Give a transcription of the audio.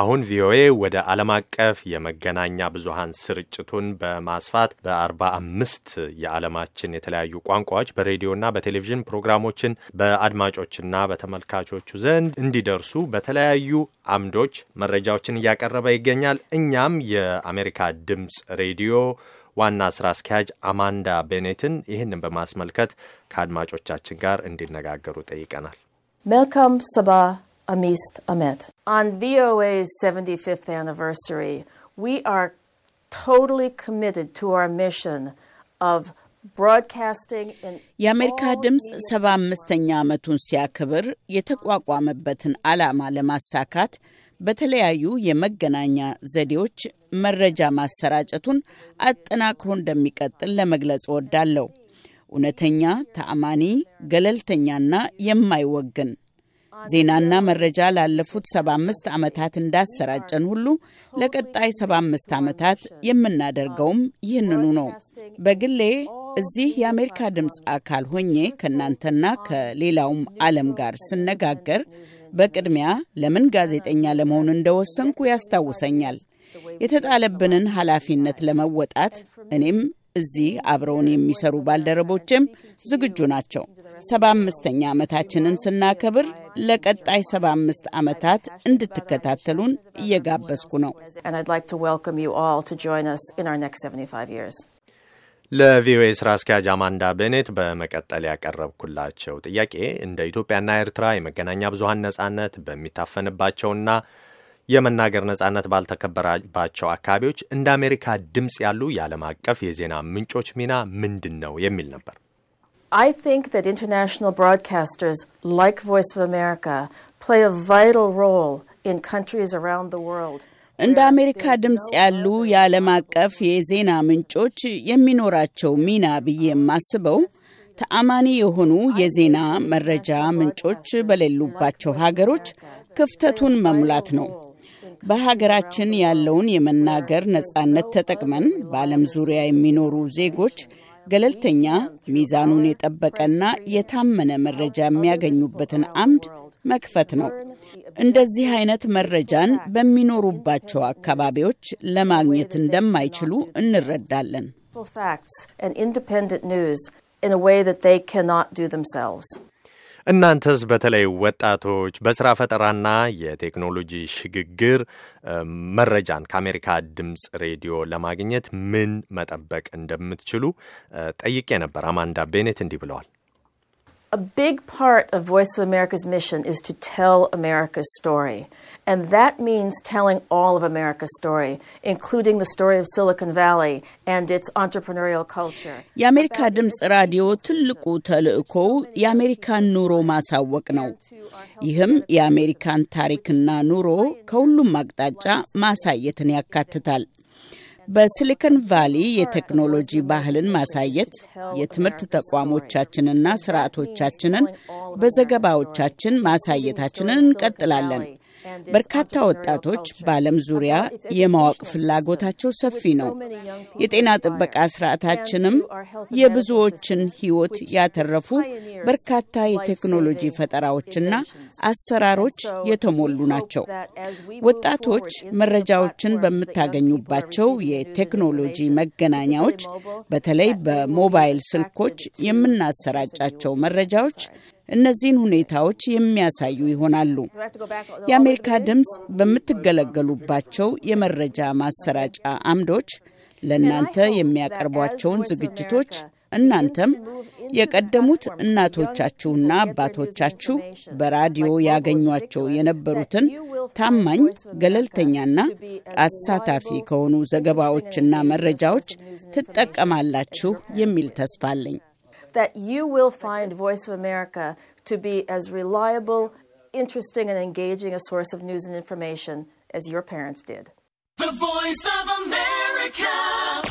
አሁን ቪኦኤ ወደ ዓለም አቀፍ የመገናኛ ብዙሃን ስርጭቱን በማስፋት በአርባ አምስት የዓለማችን የተለያዩ ቋንቋዎች በሬዲዮና በቴሌቪዥን ፕሮግራሞችን በአድማጮችና በተመልካቾቹ ዘንድ እንዲደርሱ በተለያዩ አምዶች መረጃዎችን እያቀረበ ይገኛል። እኛም የአሜሪካ ድምፅ ሬዲዮ ዋና ስራ አስኪያጅ አማንዳ ቤኔትን ይህንን በማስመልከት ከአድማጮቻችን ጋር እንዲነጋገሩ ጠይቀናል። መልካም ሰባ አሚስት አመት on VOA's 75th anniversary, we are totally committed to our mission of የአሜሪካ ድምፅ ሰባ አምስተኛ ዓመቱን ሲያክብር የተቋቋመበትን ዓላማ ለማሳካት በተለያዩ የመገናኛ ዘዴዎች መረጃ ማሰራጨቱን አጠናክሮ እንደሚቀጥል ለመግለጽ እወዳለሁ። እውነተኛ፣ ተአማኒ፣ ገለልተኛና የማይወግን ዜናና መረጃ ላለፉት 75 ዓመታት እንዳሰራጨን ሁሉ ለቀጣይ 75 ዓመታት የምናደርገውም ይህንኑ ነው። በግሌ እዚህ የአሜሪካ ድምፅ አካል ሆኜ ከእናንተና ከሌላውም ዓለም ጋር ስነጋገር በቅድሚያ ለምን ጋዜጠኛ ለመሆን እንደወሰንኩ ያስታውሰኛል። የተጣለብንን ኃላፊነት ለመወጣት እኔም እዚህ አብረውን የሚሰሩ ባልደረቦችም ዝግጁ ናቸው። ሰባ አምስተኛ ዓመታችንን ስናከብር ለቀጣይ ሰባ አምስት ዓመታት እንድትከታተሉን እየጋበዝኩ ነው። ለቪኦኤ ስራ አስኪያጅ አማንዳ ቤኔት በመቀጠል ያቀረብኩላቸው ጥያቄ እንደ ኢትዮጵያና ኤርትራ የመገናኛ ብዙሀን ነጻነት በሚታፈንባቸውና የመናገር ነጻነት ባልተከበረባቸው አካባቢዎች እንደ አሜሪካ ድምፅ ያሉ የዓለም አቀፍ የዜና ምንጮች ሚና ምንድን ነው የሚል ነበር። I think that international broadcasters like Voice of America play a vital role in countries around the world. እንደ አሜሪካ ድምፅ ያሉ የዓለም አቀፍ የዜና ምንጮች የሚኖራቸው ሚና ብዬ የማስበው ተአማኒ የሆኑ የዜና መረጃ ምንጮች በሌሉባቸው ሀገሮች ክፍተቱን መሙላት ነው። በሀገራችን ያለውን የመናገር ነጻነት ተጠቅመን በዓለም ዙሪያ የሚኖሩ ዜጎች ገለልተኛ፣ ሚዛኑን የጠበቀና የታመነ መረጃ የሚያገኙበትን አምድ መክፈት ነው። እንደዚህ አይነት መረጃን በሚኖሩባቸው አካባቢዎች ለማግኘት እንደማይችሉ እንረዳለን። እናንተስ በተለይ ወጣቶች በስራ ፈጠራና የቴክኖሎጂ ሽግግር መረጃን ከአሜሪካ ድምፅ ሬዲዮ ለማግኘት ምን መጠበቅ እንደምትችሉ ጠይቄ ነበር። አማንዳ ቤኔት እንዲህ ብለዋል። a big part of Voice of America's mission is to tell America's story. And that means telling all of America's story, including the story of Silicon Valley and its entrepreneurial culture. የአሜሪካ ድምፅ ራዲዮ ትልቁ ተልእኮው የአሜሪካን ኑሮ ማሳወቅ ነው። ይህም የአሜሪካን ታሪክና ኑሮ ከሁሉም አቅጣጫ ማሳየትን ያካትታል። በሲሊከን ቫሊ የቴክኖሎጂ ባህልን ማሳየት የትምህርት ተቋሞቻችንና ስርዓቶቻችንን በዘገባዎቻችን ማሳየታችንን እንቀጥላለን። በርካታ ወጣቶች በዓለም ዙሪያ የማወቅ ፍላጎታቸው ሰፊ ነው። የጤና ጥበቃ ስርዓታችንም የብዙዎችን ሕይወት ያተረፉ በርካታ የቴክኖሎጂ ፈጠራዎችና አሰራሮች የተሞሉ ናቸው። ወጣቶች መረጃዎችን በምታገኙባቸው የቴክኖሎጂ መገናኛዎች በተለይ በሞባይል ስልኮች የምናሰራጫቸው መረጃዎች እነዚህን ሁኔታዎች የሚያሳዩ ይሆናሉ። የአሜሪካ ድምፅ በምትገለገሉባቸው የመረጃ ማሰራጫ አምዶች ለእናንተ የሚያቀርቧቸውን ዝግጅቶች እናንተም የቀደሙት እናቶቻችሁና አባቶቻችሁ በራዲዮ ያገኟቸው የነበሩትን ታማኝ ገለልተኛና አሳታፊ ከሆኑ ዘገባዎችና መረጃዎች ትጠቀማላችሁ የሚል ተስፋ አለኝ። that you will find Voice of America to be as reliable, interesting, and engaging a source of news and information as your parents did. The Voice of America!